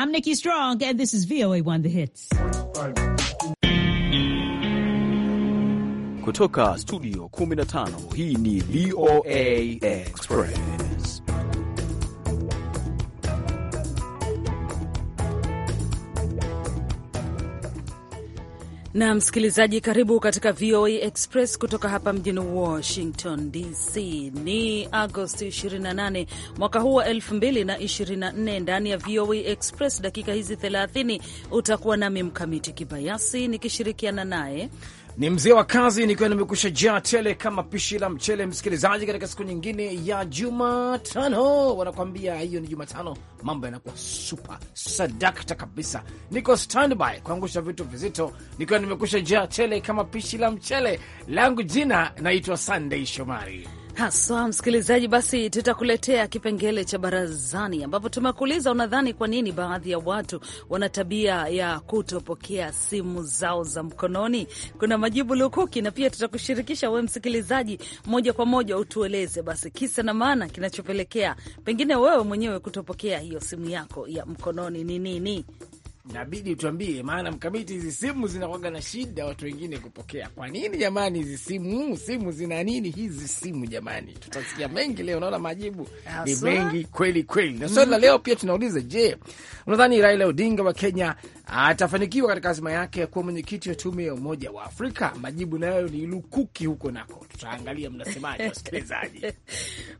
I'm Nikki Strong, and this is VOA 1 The Hits. Kutoka studio 15, hii ni VOA Express. na msikilizaji, karibu katika VOA Express kutoka hapa mjini Washington DC. Ni Agosti 28 mwaka huu wa 2024. Ndani ya VOA Express dakika hizi 30 utakuwa nami Mkamiti Kibayasi nikishirikiana naye ni mzee wa kazi, nikiwa nimekusha jaa tele kama pishi la mchele. Msikilizaji, katika siku nyingine ya Jumatano, wanakwambia hiyo ni Jumatano, mambo yanakuwa super sadakta kabisa. Niko standby kuangusha vitu vizito, nikiwa nimekusha jaa tele kama pishi la mchele. Langu jina naitwa Sunday Shomari haswa msikilizaji, basi tutakuletea kipengele cha barazani, ambapo tumekuuliza unadhani kwa nini baadhi ya watu wana tabia ya kutopokea simu zao za mkononi. Kuna majibu lukuki, na pia tutakushirikisha wewe msikilizaji moja kwa moja, utueleze basi kisa na maana kinachopelekea pengine wewe mwenyewe kutopokea hiyo simu yako ya mkononi ni nini? Nabidi tuambie, maana mkamiti, hizi simu zinakwaga na shida watu wengine kupokea. Kwa nini jamani? Hizi simu simu zina nini? Hizi simu jamani, tutasikia mengi leo. Unaona majibu ni mengi kweli kweli, na swali la mhm. leo pia tunauliza, je, unadhani Raila Odinga wa Kenya atafanikiwa katika azima yake ya kuwa mwenyekiti wa tume ya Umoja wa Afrika? Majibu nayo ni lukuki huko nako, tutaangalia mnasemaje wasikilizaji.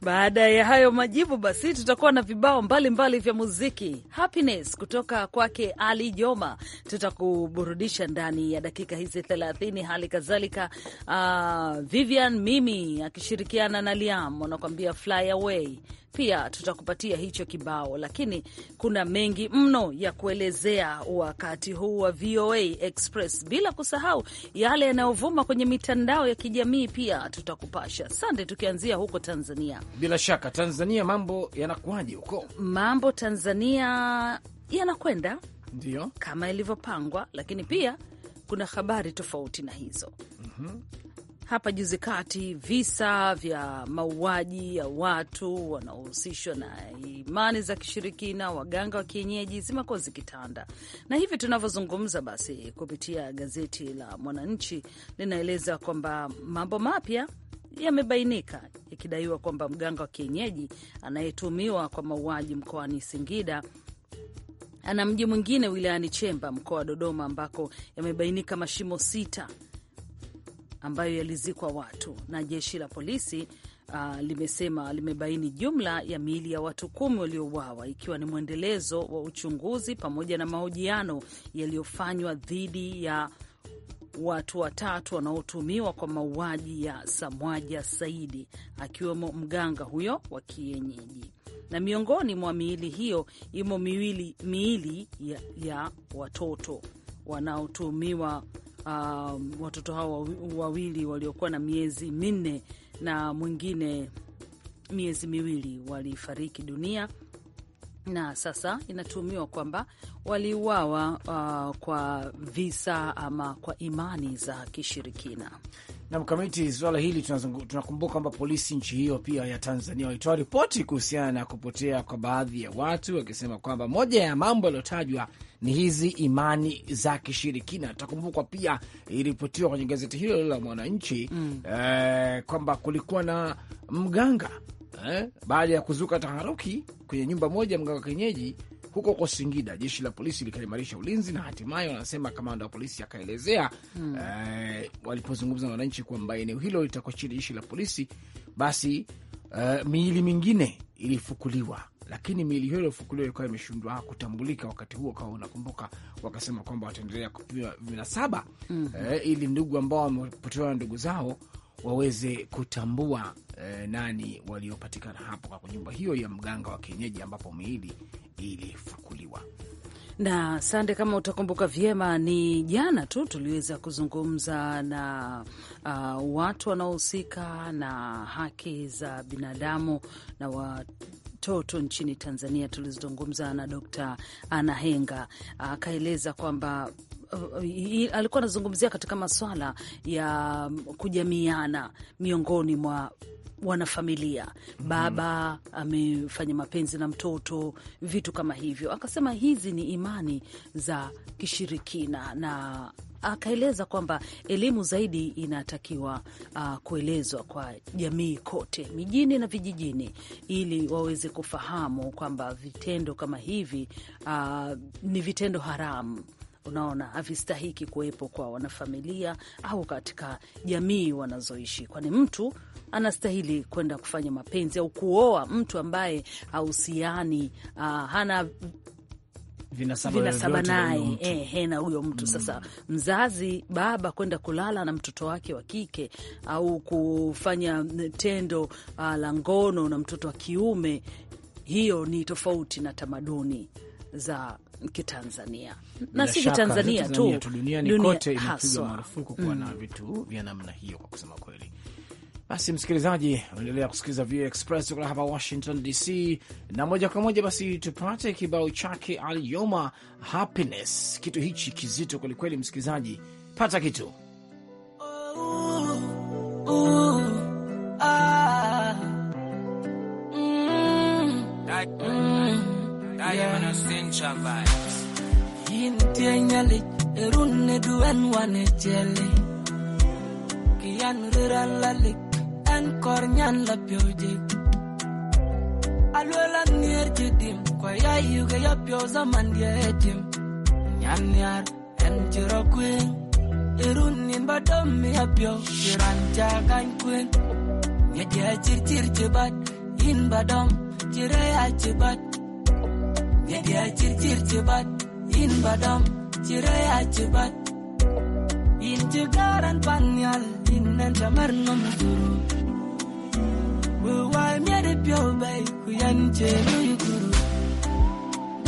Baada ya hayo majibu, basi tutakuwa na vibao mbalimbali mbali vya muziki. Happiness kutoka kwake Ali ali Joma, tutakuburudisha ndani ya dakika hizi thelathini. Hali kadhalika uh, Vivian Mimi akishirikiana na Liam wanakuambia fly away pia tutakupatia hicho kibao, lakini kuna mengi mno ya kuelezea wakati huu wa VOA Express, bila kusahau yale yanayovuma kwenye mitandao ya kijamii pia tutakupasha. Sande, tukianzia huko Tanzania. Bila shaka Tanzania, mambo yanakuwaje huko? Mambo Tanzania yanakwenda Ndiyo. kama ilivyopangwa, lakini pia kuna habari tofauti na hizo mm -hmm. Hapa juzi kati visa vya mauaji ya watu wanaohusishwa na imani za kishirikina, waganga wa kienyeji zimekuwa zikitanda, na hivi tunavyozungumza, basi kupitia gazeti la Mwananchi linaeleza kwamba mambo mapya yamebainika ikidaiwa kwamba mganga wa kienyeji anayetumiwa kwa mauaji mkoani Singida na mji mwingine wilayani Chemba, mkoa wa Dodoma, ambako yamebainika mashimo sita ambayo yalizikwa watu na jeshi la polisi Uh, limesema limebaini jumla ya miili ya watu kumi waliouawa ikiwa ni mwendelezo wa uchunguzi pamoja na mahojiano yaliyofanywa dhidi ya watu watatu wanaotumiwa kwa mauaji ya Samwaja Saidi akiwemo mganga huyo wa kienyeji na miongoni mwa miili hiyo imo miili, miili ya, ya watoto wanaotumiwa uh, watoto hao wawili waliokuwa na miezi minne na mwingine miezi miwili walifariki dunia na sasa inatuhumiwa kwamba waliuawa uh, kwa visa ama kwa imani za kishirikina na mkamiti swala hili tunakumbuka kwamba polisi nchi hiyo pia ya Tanzania walitoa ripoti kuhusiana na kupotea kwa baadhi ya watu, wakisema kwamba moja ya mambo yaliyotajwa ni hizi imani za kishirikina. tutakumbukwa pia iliripotiwa kwenye gazeti hilo la Mwananchi mm. eh, kwamba kulikuwa na mganga eh, baada ya kuzuka taharuki kwenye nyumba moja, mganga wa kienyeji huko kwa Singida, jeshi la polisi likaimarisha ulinzi na hatimaye, wanasema kamanda wa polisi akaelezea hmm. eh, walipozungumza na wananchi kwamba eneo hilo litakuwa chini jeshi la polisi, basi eh, miili mingine ilifukuliwa lakini miili hiyo iliyofukuliwa ilikuwa imeshindwa kutambulika wakati huo, kawa unakumbuka, wakasema kwamba wataendelea kupima vinasaba mm -hmm. Eh, ili ndugu ambao wamepotewa na ndugu zao waweze kutambua eh, nani waliopatikana hapo kwa nyumba hiyo ya mganga wa kienyeji ambapo miili ilifukuliwa na Sande, kama utakumbuka vyema, ni jana tu tuliweza kuzungumza na uh, watu wanaohusika na haki za binadamu na watoto nchini Tanzania. Tulizungumza na ana Anahenga akaeleza kwamba Uh, alikuwa anazungumzia katika maswala ya um, kujamiana miongoni mwa wanafamilia mhm. baba mm, amefanya mapenzi na mtoto, vitu kama hivyo. Akasema hizi ni imani za kishirikina, na akaeleza kwamba elimu zaidi inatakiwa uh, kuelezwa kwa jamii kote, mijini na vijijini, ili waweze kufahamu kwamba vitendo kama hivi uh, ni vitendo haramu unaona havistahiki kuwepo kwa wanafamilia au katika jamii wanazoishi, kwani mtu anastahili kwenda kufanya mapenzi au kuoa mtu ambaye hahusiani, uh, hana vinasaba naye eh, hena eh, huyo mtu mm. sasa. Mzazi baba kwenda kulala na mtoto wake wa kike au kufanya tendo uh, la ngono na mtoto wa kiume, hiyo ni tofauti na tamaduni za Kitanzania na si Kitanzania tu, duniani kote imepigwa marufuku kuwa na mm. vitu vya namna hiyo, kwa kusema kweli. Basi msikilizaji, unaendelea kusikiliza VOA Express kutoka hapa Washington DC, na moja kwa moja basi tupate kibao chake Alioma Happiness. Kitu hichi kizito kwelikweli, msikilizaji, pata kitu oh, oh, ah, mm, mm. Diamond Essential Vibes. Intinyali, erunne duen wane jelly. Kian riral lalik, en kornyan la piojik. Alwela nier jidim, kwa ya yuge ya pioza mandye etim. Nyanyar, en jiro queen. Erunin badomi ya pio, jirancha kan queen. Nyedya chir chir chibat, in badom, jireya chibat ne chir chibat in badam chiraya chibat in chigaran panyal in nan chamar nom guru bu wal mi de pyo bay ku yan che lu guru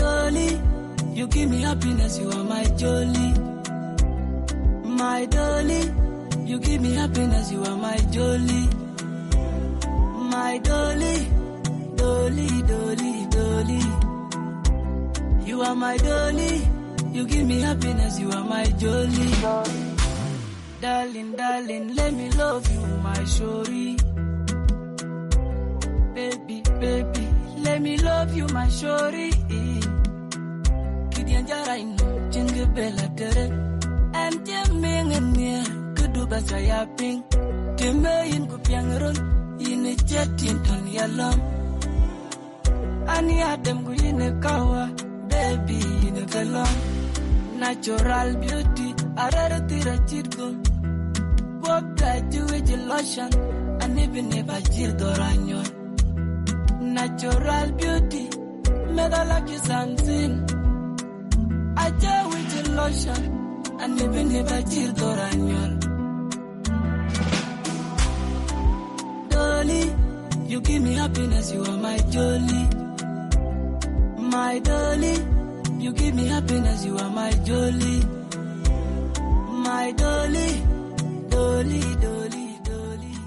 doli you give me happiness you are my jolly my dolly you give me happiness you are my jolly my dolly dolly dolly dolly you are my dolly. You give me happiness. You are my jolly. Darling, darling, let me love you, my shori. Baby, baby, let me love you, my shori. Kidianjara inu jinge bela dere. Ante mengenia kudu basa yaping. Keme in kupiang ron ine jetin ton yalom. Ani adem guyine kawa in Natural beauty, I rather chirgo. you lotion, Natural beauty, medalaki sansin. I tell with lotion, and even if Dolly, you give me happiness, you are my jolly. My dolly. You give me happiness, you are my My dolly, dolly, dolly, dolly.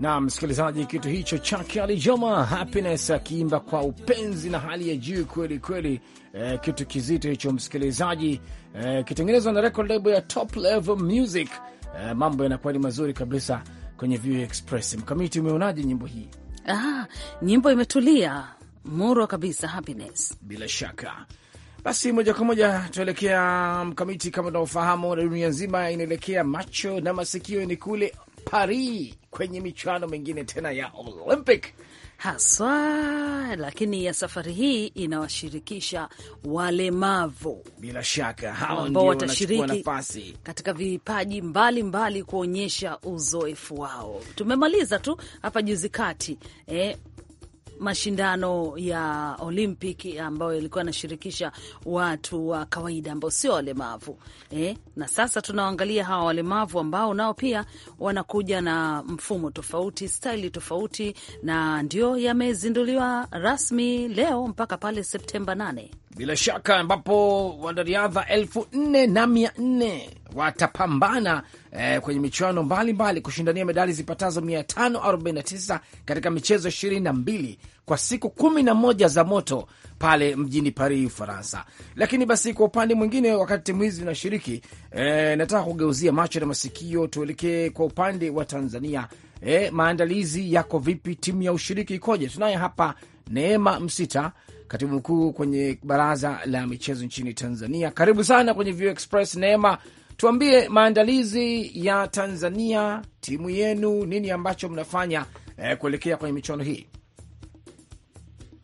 Na msikilizaji, kitu hicho chake Alijoma Happiness akiimba kwa upenzi na hali ya juu kweli kweli. Eh, kitu kizito hicho msikilizaji, eh, kitengenezwa na record label ya Top Level Music. Eh, mambo yanakuwa ni mazuri kabisa kwenye View Express. Mkamiti, umeonaje nyimbo hii? Ah, nyimbo imetulia murwa kabisa, Happiness, bila shaka basi moja kwa moja tuelekea Mkamiti, kama unaofahamu, na dunia nzima inaelekea macho na masikio ni kule Paris kwenye michuano mingine tena ya Olympic haswa lakini ya safari hii inawashirikisha walemavu. Bila shaka hao ambao watashiriki katika vipaji mbalimbali kuonyesha uzoefu wao. Tumemaliza tu hapa juzi kati eh, mashindano ya Olympic ambayo ilikuwa inashirikisha watu wa kawaida ambao sio walemavu eh. Na sasa tunaangalia hawa walemavu ambao nao pia wanakuja na mfumo tofauti, staili tofauti, na ndio yamezinduliwa rasmi leo mpaka pale Septemba 8 bila shaka, ambapo wanariadha elfu nne na mia nne watapambana eh, kwenye michuano mbalimbali kushindania medali zipatazo 549 katika michezo 22 kwa siku 11 za moto pale mjini Paris, Ufaransa. Lakini basi kwa upande mwingine, wakati timu hizi zinashiriki eh, nataka kugeuzia macho na masikio, tuelekee kwa upande wa Tanzania. Eh, maandalizi yako vipi? Timu ya ushiriki ikoje? Tunaye hapa Neema Msita katibu mkuu kwenye baraza la michezo nchini Tanzania. Karibu sana kwenye View Express. Neema, tuambie maandalizi ya Tanzania, timu yenu, nini ambacho mnafanya eh, kuelekea kwenye michuano hii?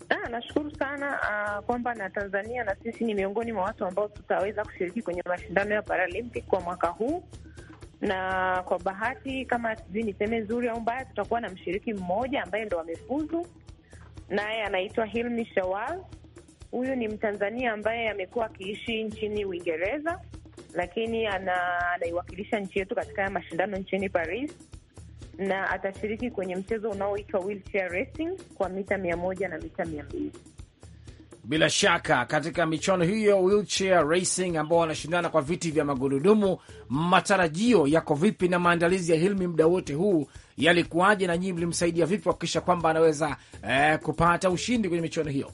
Ah, nashukuru sana uh, kwamba na Tanzania na sisi ni miongoni mwa watu ambao tutaweza kushiriki kwenye mashindano ya Paralympic kwa mwaka huu, na kwa bahati kama sijui niseme nzuri au mbaya, tutakuwa na mshiriki mmoja ambaye ndo amefuzu naye anaitwa Hilmi Shawal. Huyu ni Mtanzania ambaye amekuwa akiishi nchini Uingereza, lakini ana, anaiwakilisha nchi yetu katika mashindano nchini Paris na atashiriki kwenye mchezo unaoitwa wheelchair racing kwa mita mia moja na mita mia mbili. Bila shaka katika michuano hiyo wheelchair racing ambao wanashindana kwa viti vya magurudumu, matarajio yako vipi na maandalizi ya Hilmi muda wote huu yalikuwaje, na nyinyi mlimsaidia vipi kuhakikisha kwamba anaweza eh, kupata ushindi kwenye michuano hiyo?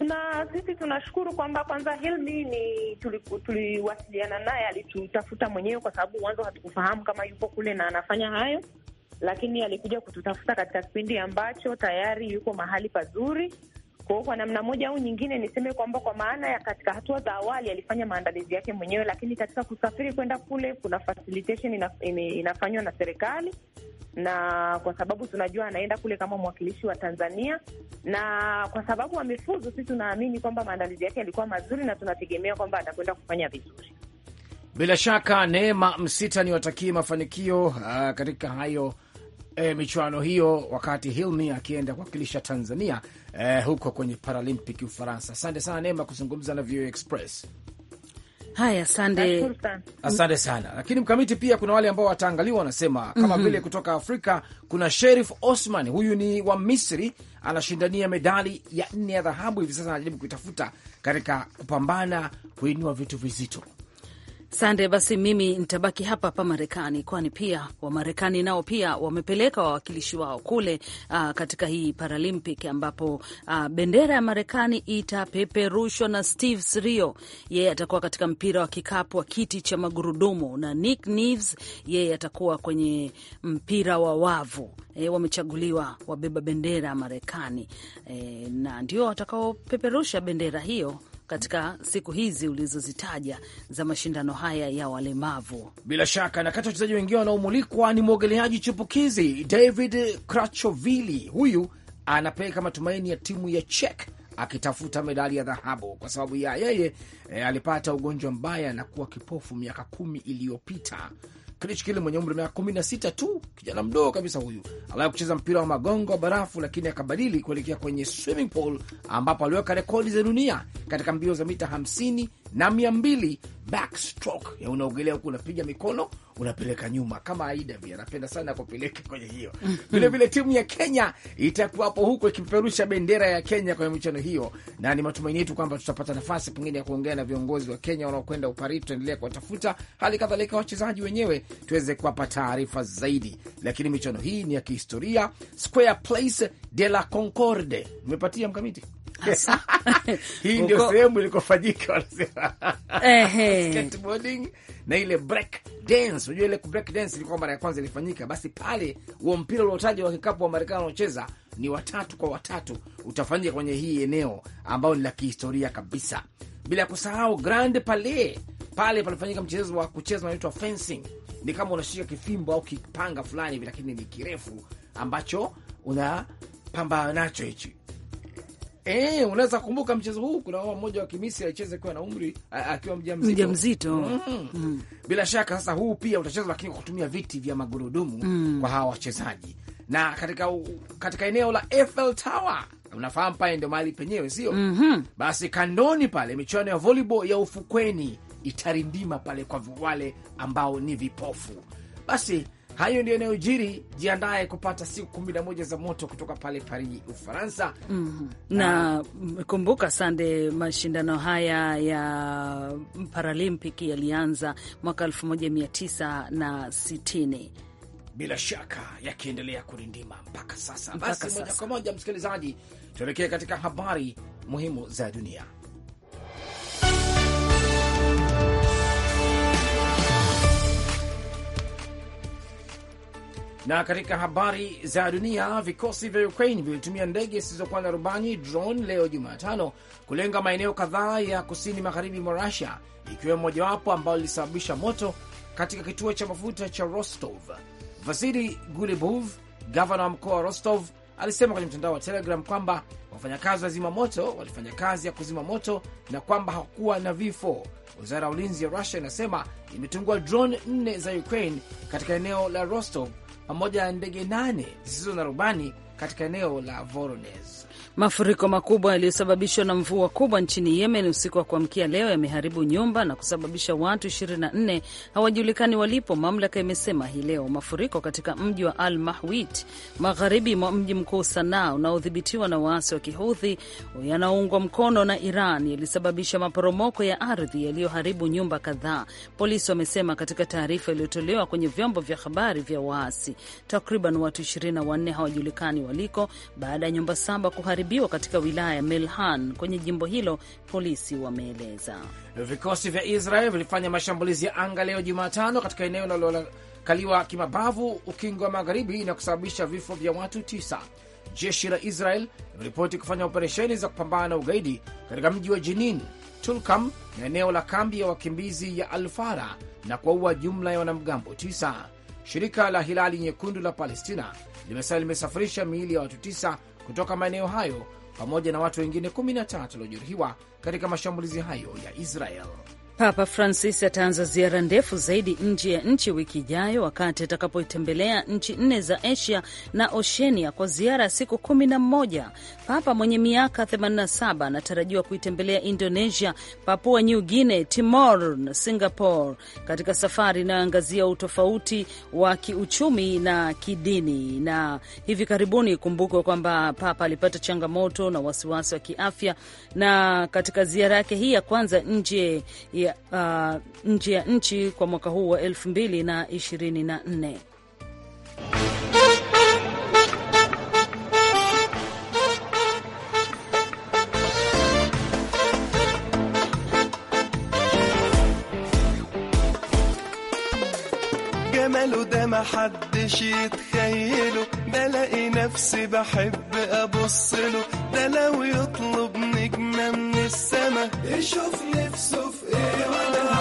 Na sisi tunashukuru kwamba kwanza Hilmi ni tuliwasiliana tuli naye, alitutafuta mwenyewe kwa sababu mwanzo hatukufahamu kama yupo kule na anafanya hayo lakini alikuja kututafuta katika kipindi ambacho tayari yuko mahali pazuri. Kwa kwa namna moja au nyingine, niseme kwamba kwa maana ya katika hatua za awali alifanya maandalizi yake mwenyewe, lakini katika kusafiri kwenda kule kuna facilitation inafanywa na serikali na kwa sababu tunajua anaenda kule kama mwakilishi wa Tanzania, na kwa sababu amefuzu, sisi tunaamini kwamba maandalizi yake yalikuwa mazuri na tunategemea kwamba atakwenda kufanya vizuri. Bila shaka Neema Msita ni watakie mafanikio uh, katika hayo E, michuano hiyo, wakati Hilmi akienda kuwakilisha Tanzania e, huko kwenye Paralympic Ufaransa. Asante sana Neema kuzungumza na VOA Express. Haya, asante, asante sana. Lakini mkamiti pia kuna wale ambao wataangaliwa wanasema kama mhm. vile mm -hmm. kutoka Afrika kuna Sherif Osman, huyu ni wa Misri, anashindania medali ya nne ya dhahabu hivi sasa, anajaribu kuitafuta katika kupambana kuinua vitu vizito Sande, basi mimi nitabaki hapa hapa Marekani, kwani pia Wamarekani nao pia wamepeleka wawakilishi wao kule uh, katika hii Paralympic ambapo uh, bendera ya Marekani itapeperushwa na Steve Srio, yeye atakuwa katika mpira wa kikapu wa kiti cha magurudumu na Nick Neves, yeye atakuwa kwenye mpira wa wavu. E, wamechaguliwa wabeba bendera ya Marekani e, na ndio watakaopeperusha bendera hiyo katika siku hizi ulizozitaja za mashindano haya ya walemavu. Bila shaka, na kati ya wachezaji wengine wanaomulikwa ni mwogeleaji chipukizi David Krachovili. Huyu anapeleka matumaini ya timu ya Czech akitafuta medali ya dhahabu kwa sababu ya yeye e, alipata ugonjwa mbaya na kuwa kipofu miaka kumi iliyopita Krichi mwenye umri miaka kumi na sita tu, kijana mdogo kabisa huyu, aliwahi kucheza mpira wa magongo wa barafu, lakini akabadili kuelekea kwenye swimming pool ambapo aliweka rekodi za dunia katika mbio za mita hamsini na mia mbili backstroke, unaogelea huku unapiga mikono unapeleka nyuma kama aida vi anapenda sana kupeleka kwenye hiyo vilevile. Timu ya Kenya itakuwapo huko ikipeperusha bendera ya Kenya kwenye michano hiyo, na ni matumaini yetu kwamba tutapata nafasi pengine ya kuongea na viongozi wa Kenya wanaokwenda upari, Tutaendelea kuwatafuta, hali kadhalika wachezaji wenyewe tuweze kuwapa taarifa zaidi. Lakini michano hii ni ya kihistoria, Square Place de la Concorde. Umepatia mkamiti hii ndio sehemu ilikofanyika wanasema skateboarding na ile break dance. Unajua ile break dance ilikuwa mara ya kwanza ilifanyika, basi pale huo mpira uliotaja wa kikapu wa Marekani wanaocheza ni watatu kwa watatu utafanyika kwenye hii eneo ambayo ni la kihistoria kabisa, bila kusahau Grand pale pale palifanyika mchezo wa kucheza unaitwa fencing. Ni kama unashika kifimbo au kipanga fulani hivi, lakini ni kirefu ambacho unapambana nacho hichi Eh, unaweza kukumbuka mchezo huu, kuna a mmoja wa kimisi alicheza akiwa na umri akiwa mjamzito. Mjamzito. Mm. Mm. Bila shaka sasa huu pia utachezwa lakini kwa kutumia viti vya magurudumu mm. kwa hawa wachezaji. Na katika katika eneo la Eiffel Tower unafahamu pale ndio mahali penyewe sio? mm -hmm. Basi kandoni pale michuano ya volleyball ya ufukweni itarindima pale kwa wale ambao ni vipofu. Basi Hayo ndio yanayojiri. Jiandaye kupata siku kumi na moja za moto kutoka pale Paris, Ufaransa. mm -hmm. Na kumbuka sande, mashindano haya ya Paralympic yalianza mwaka 1960 bila shaka yakiendelea kurindima mpaka sasa. Basi moja kwa moja, msikilizaji, tuelekee katika habari muhimu za dunia. Na katika habari za dunia, vikosi vya Ukraine vilitumia ndege zisizokuwa na rubani drone leo Jumatano kulenga maeneo kadhaa ya kusini magharibi mwa Rusia, ikiwemo mojawapo ambalo lilisababisha moto katika kituo cha mafuta cha Rostov. Vasili Gulebov, gavana wa mkoa wa Rostov, alisema kwenye mtandao wa Telegram kwamba wafanyakazi wa zima moto walifanya kazi ya kuzima moto na kwamba hakukuwa na vifo. Wizara ya ulinzi ya Rusia inasema imetungua drone nne za Ukraine katika eneo la Rostov pamoja na ndege nane zisizo na rubani katika eneo la Voronezh. Mafuriko makubwa yaliyosababishwa na mvua kubwa nchini Yemen usiku wa kuamkia leo yameharibu nyumba na kusababisha watu 24 hawajulikani walipo, mamlaka imesema hii leo. Mafuriko katika mji wa Al Mahwit, magharibi mwa mji mkuu Sanaa unaodhibitiwa na waasi wa Kihudhi yanaoungwa mkono na Iran yalisababisha maporomoko ya ardhi yaliyoharibu nyumba kadhaa, polisi wamesema katika taarifa iliyotolewa kwenye vyombo vya habari vya waasi. Takriban watu 24 hawajulikani waliko baada ya nyumba saba kuharibu kuharibiwa katika wilaya ya Melhan kwenye jimbo hilo, polisi wameeleza. Vikosi vya Israel vilifanya mashambulizi ya anga leo Jumatano katika eneo linalokaliwa kimabavu ukingo wa magharibi na kusababisha vifo vya watu tisa. Jeshi la Israel limeripoti kufanya operesheni za kupambana na ugaidi katika mji wa Jenin, Tulkam na eneo la kambi ya wakimbizi ya Alfara na kuwaua jumla ya wanamgambo tisa. Shirika la Hilali Nyekundu la Palestina limesema limesafirisha miili ya watu tisa kutoka maeneo hayo pamoja na watu wengine 13 waliojeruhiwa katika mashambulizi hayo ya Israel. Papa Francis ataanza ziara ndefu zaidi nje ya nchi wiki ijayo wakati atakapoitembelea nchi nne za Asia na Oshenia kwa ziara ya siku kumi na mmoja. Papa mwenye miaka 87 anatarajiwa kuitembelea Indonesia, Papua New Guinea, Timor na Singapore katika safari inayoangazia utofauti wa kiuchumi na kidini. Na hivi karibuni, ikumbukwe kwamba Papa alipata changamoto na wasiwasi wa kiafya, na katika ziara yake hii ya kwanza nje uh, nje ya nchi kwa mwaka huu wa 2024. جماله ده محدش يتخيله ده لاقي نفسي بحب ابصله ده لو يطلب يشوف نفسه في ايه وانا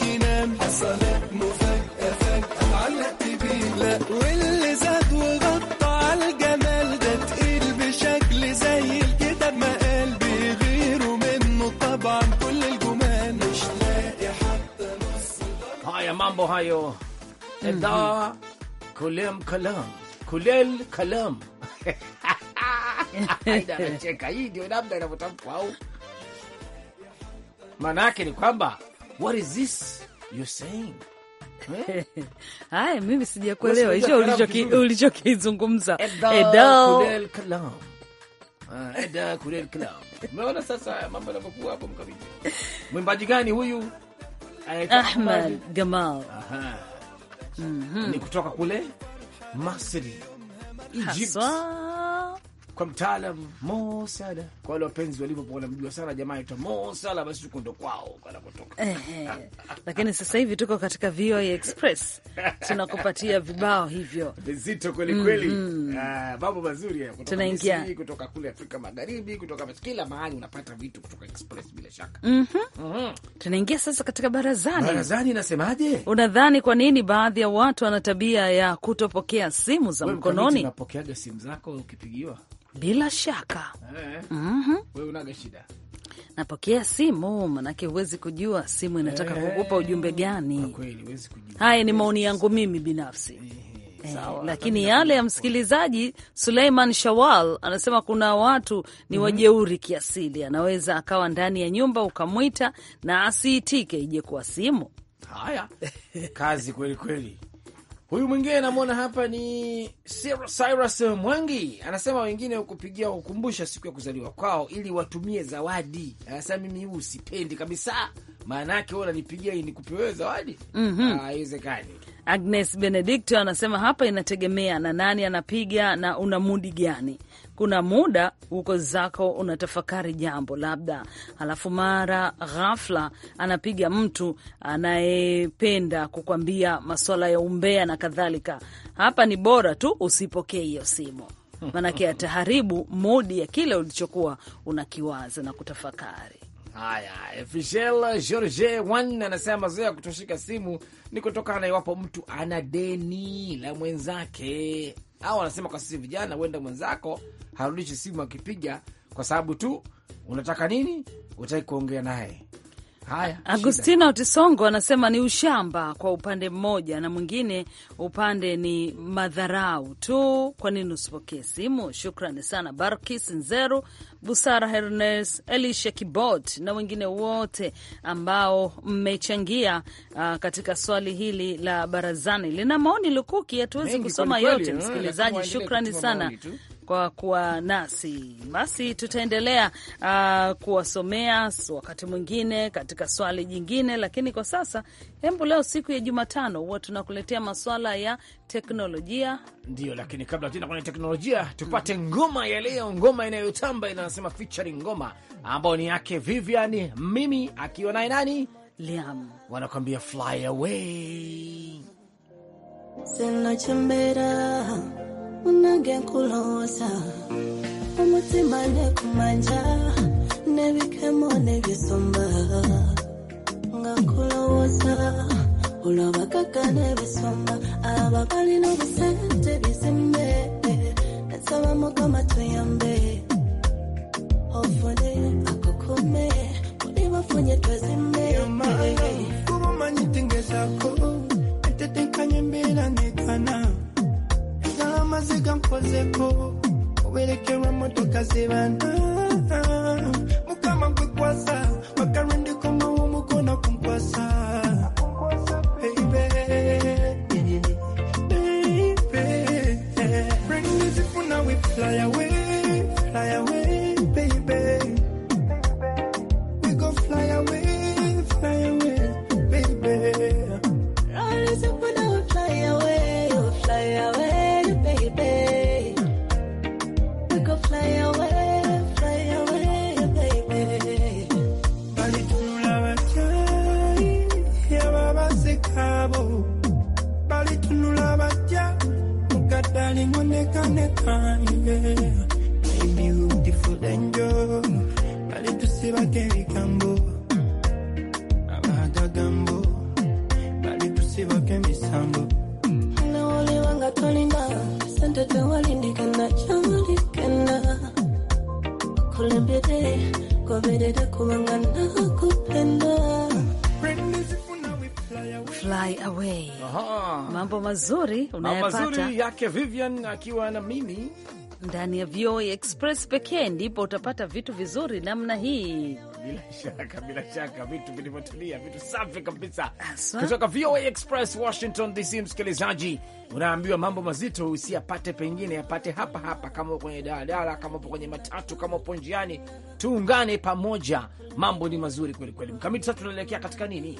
ينام حصلت مفاجأة فجأة اتعلقت بيه لا واللي زاد وغطى على الجمال ده تقيل بشكل زي الكتاب ما قال غيره منه طبعا كل الجمال مش لاقي حتى نص ها يا مامبو هايو ابدا كلام كلام كلال كلام haida anacheka hii ndio labda inavyotambua au maana yake ni kwamba What is this you saying? Eh? Haya, mimi sijakuelewa hicho ulichokizungumza. Ah, Umeona sasa mambo yanavyokuwa hapo, mkabiti. Mwimbaji gani huyu? Ahmad Gamal. Aha. Mhm. Ni kutoka kule Masri, Egypt kwa mtaalam Mosala, Kwa wale wapenzi wa wanamjua sana jamaa anaitwa Mosala, basi tuko ndo kwao anakotoka. Lakini sasa hivi tuko katika VOA Express tunakupatia vibao hivyo vizito kwelikweli, mm, mm. Ah, mambo mazuri tunaingia kutoka kule Afrika Magharibi, kutoka kila mahali unapata vitu kutoka Express bila shaka. mm -hmm. mm -hmm. Tunaingia sasa katika barazani. Barazani inasemaje? Unadhani kwa nini baadhi ya watu wana tabia ya kutopokea simu za mkononi? Unapokeaga simu zako ukipigiwa bila shaka eh, mm -hmm. Wewe unaga shida napokea simu, manake huwezi kujua simu inataka eh, kukupa ujumbe gani. Haya ni maoni yangu mimi binafsi eh, eh, sawa, lakini yale ya msikilizaji Suleiman Shawal anasema kuna watu ni mhm. wajeuri kiasili, anaweza akawa ndani ya nyumba ukamwita na asiitike, ije kuwa simu. Haya kazi kweli kweli Huyu mwingine namwona hapa ni Cyrus Mwangi, anasema wengine kupigia kukumbusha siku ya kuzaliwa kwao ili watumie zawadi. Anasema mimi huu sipendi kabisa, maana yake wewe unanipigia ili nikupewe zawadi, mhm. ah, haiwezekani. mm -hmm. Agnes Benedicto anasema hapa inategemea na nani anapiga na una mudi gani kuna muda uko zako unatafakari jambo labda, alafu mara ghafla anapiga mtu anayependa kukwambia maswala ya umbea na kadhalika. Hapa ni bora tu usipokee hiyo simu, maanake ataharibu mudi ya kile ulichokuwa unakiwaza na kutafakari. Haya, Fishel George Wan anasema mazoea ya kutoshika simu ni kutokana na iwapo mtu ana deni la mwenzake au wanasema kwa sisi vijana, uenda mwenzako harudishi simu akipiga, kwa sababu tu unataka nini, utaki kuongea naye. Haya, Agustino tisongo anasema ni ushamba kwa upande mmoja na mwingine upande ni madharau tu. Kwa nini usipokee simu? Shukrani sana Barkis Nzeru, Busara Hernes, Elisha Kibot na wengine wote ambao mmechangia uh, katika swali hili la barazani. Lina maoni lukuki, hatuwezi kusoma yote eh, msikilizaji. Shukrani sana kwa kuwa nasi. Basi tutaendelea uh, kuwasomea wakati mwingine katika swali jingine, lakini kwa sasa hembu, leo siku ya Jumatano huwa tunakuletea maswala ya teknolojia ndio. Lakini kabla tuenda kwenye teknolojia, tupate mm, ngoma ya leo, ngoma inayotamba inasema featuring ngoma ambayo ni yake Vivian mimi akiwa naye nani Liam, wanakwambia fly away. Sina chembera unange nkuloosa omutima nekumanja nebikemo nebisumba nga nkulowoosa olwabakaka nebisumba aba bizimbe nsaba mukama tuyambe ofune akukume buli bafunye twezimbe kuba omanyi tingezako nekana amaziga nkozeko oberekera motoka zebana mazuri yake Vivian akiwa na mimi ndani ya VOA Express pekee ndipo utapata vitu vizuri namna hii. Bila shaka, bila shaka, vitu vilivyotulia, vitu safi kabisa kutoka VOA Express Washington DC. Msikilizaji, unaambiwa mambo mazito usiyapate pengine, yapate hapa hapa, kama kwenye daladala, kama upo kwenye matatu, kama upo njiani, tuungane pamoja. Mambo ni mazuri kwelikweli. Mkamiti, sasa tunaelekea katika nini?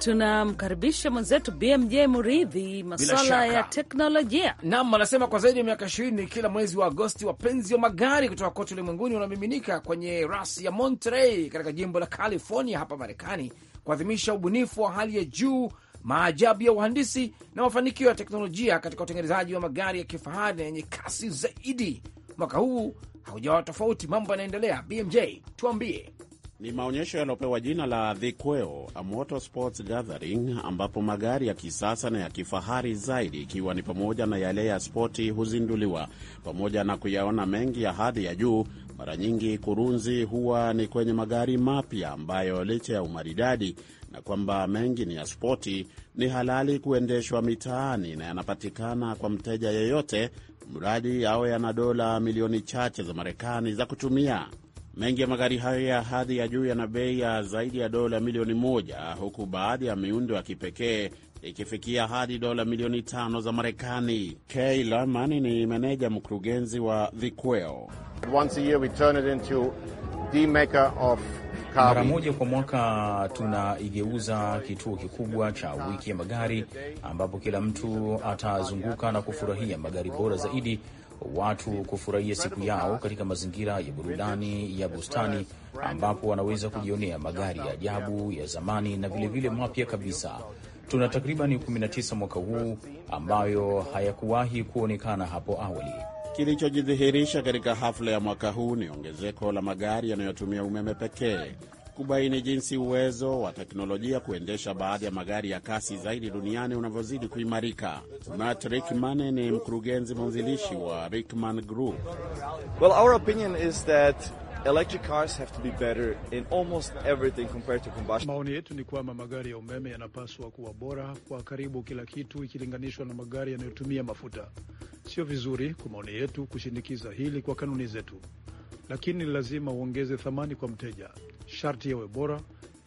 tunamkaribisha mwenzetu BMJ Muridhi, maswala ya teknolojia. nam anasema kwa zaidi ya miaka ishirini kila mwezi wa Agosti wapenzi wa magari kutoka kote ulimwenguni wanamiminika kwenye rasi ya Monterey katika jimbo la California hapa Marekani kuadhimisha ubunifu wa hali ya juu, maajabu ya uhandisi na mafanikio ya teknolojia katika utengenezaji wa magari ya kifahari na yenye kasi zaidi. Mwaka huu haujawa tofauti, mambo yanaendelea. BMJ, tuambie. Ni maonyesho yaliyopewa jina la The Quail, a motorsports gathering, ambapo magari ya kisasa na ya kifahari zaidi ikiwa ni pamoja na yale ya spoti huzinduliwa. Pamoja na kuyaona mengi ya hadhi ya juu, mara nyingi kurunzi huwa ni kwenye magari mapya ambayo licha ya umaridadi na kwamba mengi ni ya spoti, ni halali kuendeshwa mitaani na yanapatikana kwa mteja yeyote, mradi awe ana dola milioni chache za Marekani za kutumia. Mengi ya magari hayo ya hadhi ya juu yana bei ya zaidi ya dola milioni moja huku baadhi ya miundo ya kipekee ikifikia hadi dola milioni tano za Marekani. Kay Laman ni meneja mkurugenzi wa Vikweo. Mara moja kwa mwaka tunaigeuza kituo kikubwa cha wiki ya magari, ambapo kila mtu atazunguka na kufurahia magari bora zaidi watu kufurahia siku yao katika mazingira ya burudani ya bustani, ambapo wanaweza kujionea magari ya ajabu ya zamani na vilevile mapya kabisa. Tuna takribani 19 mwaka huu ambayo hayakuwahi kuonekana hapo awali. Kilichojidhihirisha katika hafla ya mwaka huu ni ongezeko la magari yanayotumia umeme pekee kubaini jinsi uwezo wa teknolojia kuendesha baadhi ya magari ya kasi zaidi duniani unavyozidi kuimarika. Matt Rickman ni mkurugenzi mwanzilishi wa Rickman Group. Well, our opinion is that electric cars have to be better in almost everything compared to combustion. Maoni yetu ni kwamba magari ya umeme yanapaswa kuwa bora kwa karibu kila kitu ikilinganishwa na magari yanayotumia mafuta. Sio vizuri kwa maoni yetu kushinikiza hili kwa kanuni zetu lakini lazima uongeze thamani kwa mteja. Sharti yawe bora,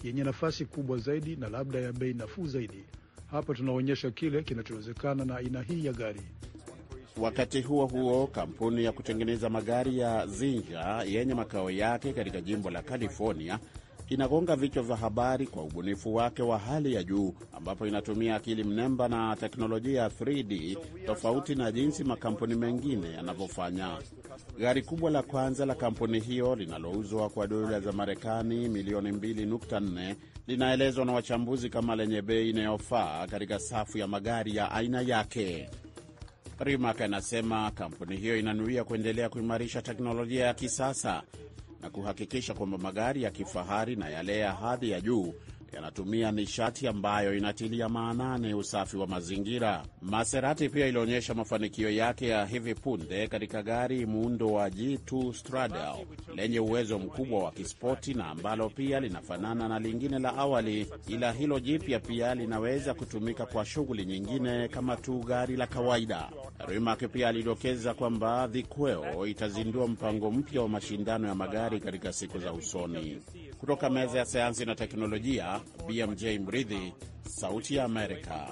yenye nafasi kubwa zaidi, na labda ya bei nafuu zaidi. Hapa tunaonyesha kile kinachowezekana na aina hii ya gari. Wakati huo huo, kampuni ya kutengeneza magari ya Zinja yenye makao yake katika jimbo la California inagonga vichwa vya habari kwa ubunifu wake wa hali ya juu, ambapo inatumia akili mnemba na teknolojia ya 3D tofauti na jinsi makampuni mengine yanavyofanya. Gari kubwa la kwanza la kampuni hiyo linalouzwa kwa dola za Marekani milioni 2.4 linaelezwa na wachambuzi kama lenye bei inayofaa katika safu ya magari ya aina yake. Rimak anasema kampuni hiyo inanuia kuendelea kuimarisha teknolojia ya kisasa na kuhakikisha kwamba magari ya kifahari na yale ya hadhi ya juu yanatumia nishati ambayo inatilia maanani usafi wa mazingira. Maserati pia ilionyesha mafanikio yake ya hivi punde katika gari muundo wa G2 Stradale lenye uwezo mkubwa wa kispoti na ambalo pia linafanana na lingine la awali, ila hilo jipya pia linaweza kutumika kwa shughuli nyingine kama tu gari la kawaida. Rimac pia alidokeza kwamba dhikweo itazindua mpango mpya wa mashindano ya magari katika siku za usoni. Kutoka meza ya sayansi na teknolojia, BMJ Mridhi, Sauti ya Amerika.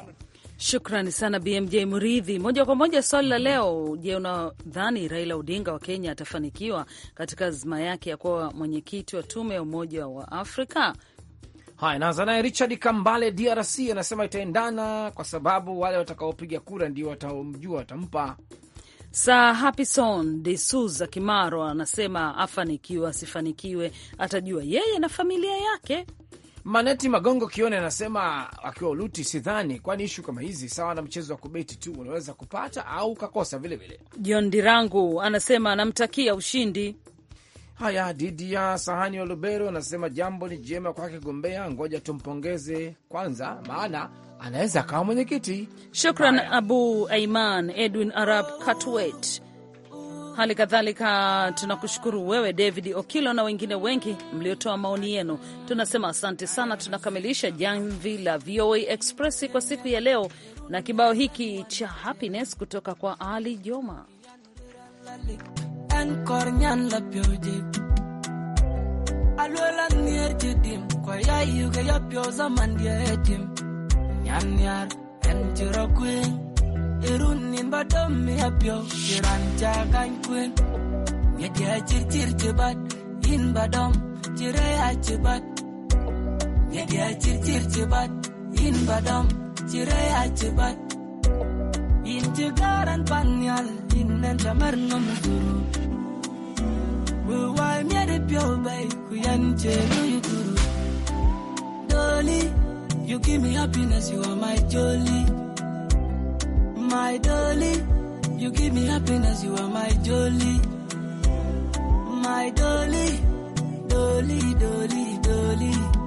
Shukrani sana BMJ Mridhi. Moja kwa moja swali la leo. Je, unadhani Raila Odinga wa Kenya atafanikiwa katika azma yake ya kuwa mwenyekiti wa tume ya Umoja wa Afrika? Haya, naanza naye Richard Kambale, DRC, anasema itaendana kwa sababu wale watakaopiga kura ndio wataomjua watampa Sa Hapison de Suza Kimaro anasema afanikiwe asifanikiwe atajua yeye na familia yake. Maneti Magongo Kione anasema akiwa Uluti, sidhani, kwani ishu kama hizi sawa na mchezo wa kubeti tu, unaweza kupata au ukakosa vilevile. John Dirangu anasema anamtakia ushindi. Haya, Didi ya Sahani wa Lubero anasema jambo ni jema kwake, gombea, ngoja tumpongeze kwanza, maana anaweza akawa mwenyekiti. Shukran Abu Aiman Edwin Arab Katwet. Hali kadhalika tunakushukuru wewe David Okilo na wengine wengi mliotoa maoni yenu. Tunasema asante sana. Tunakamilisha jamvi la VOA Express kwa siku ya leo na kibao hiki cha Happiness kutoka kwa Ali Joma. nyan yar en chiro kwen irun nin badom mi apyo chiran cha kan kwen ye dia chir chir chibat in badom chire ya chibat ye dia chir chir chibat in badom chire ya chibat in chigaran panyal in nen chamar nom guru we wal mi de pyo bay ku yan che lu doli you give me happiness, you are my jolly, my dolly. You give me happiness, you are my jolly, my dolly, dolly, dolly, dolly.